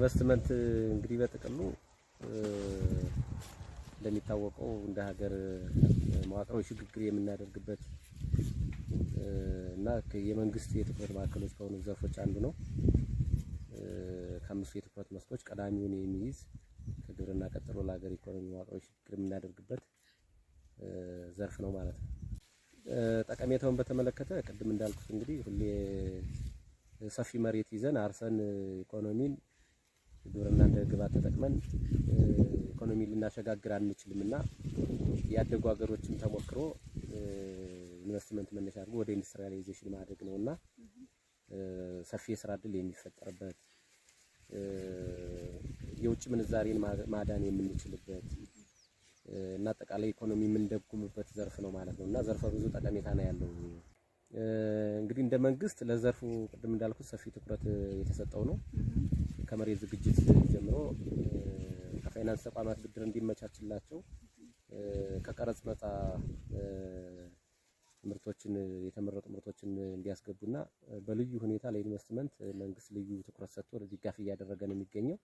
ኢንቨስትመንት እንግዲህ በጥቅሉ እንደሚታወቀው እንደ ሀገር መዋቅራዊ ሽግግር የምናደርግበት እና የመንግስት የትኩረት ማዕከሎች ከሆኑ ዘርፎች አንዱ ነው። ከአምስቱ የትኩረት መስኮች ቀዳሚውን የሚይዝ ከግብርና ቀጥሎ ለሀገር ኢኮኖሚ መዋቅራዊ ሽግግር የምናደርግበት ዘርፍ ነው ማለት ነው። ጠቀሜታውን በተመለከተ ቅድም እንዳልኩት እንግዲህ ሁሌ ሰፊ መሬት ይዘን አርሰን ኢኮኖሚን ግብርና እንደ ግብዓት ተጠቅመን ኢኮኖሚ ልናሸጋግር አንችልም እና ያደጉ ሀገሮችን ተሞክሮ ኢንቨስትመንት መነሻ አድርጎ ወደ ኢንዱስትሪያላይዜሽን ማድረግ ነው እና ሰፊ የስራ እድል የሚፈጠርበት የውጭ ምንዛሬን ማዳን የምንችልበት እና አጠቃላይ ኢኮኖሚ የምንደጉምበት ዘርፍ ነው ማለት ነው እና ዘርፈ ብዙ ጠቀሜታ ነው ያለው። እንግዲህ እንደ መንግስት ለዘርፉ ቅድም እንዳልኩት ሰፊ ትኩረት የተሰጠው ነው። ከመሬት ዝግጅት ጀምሮ ከፋይናንስ ተቋማት ብድር እንዲመቻችላቸው ከቀረጽ ነጻ ምርቶችን የተመረጡ ምርቶችን እንዲያስገቡና በልዩ ሁኔታ ለኢንቨስትመንት መንግስት ልዩ ትኩረት ሰጥቶ ድጋፍ እያደረገ ነው የሚገኘው።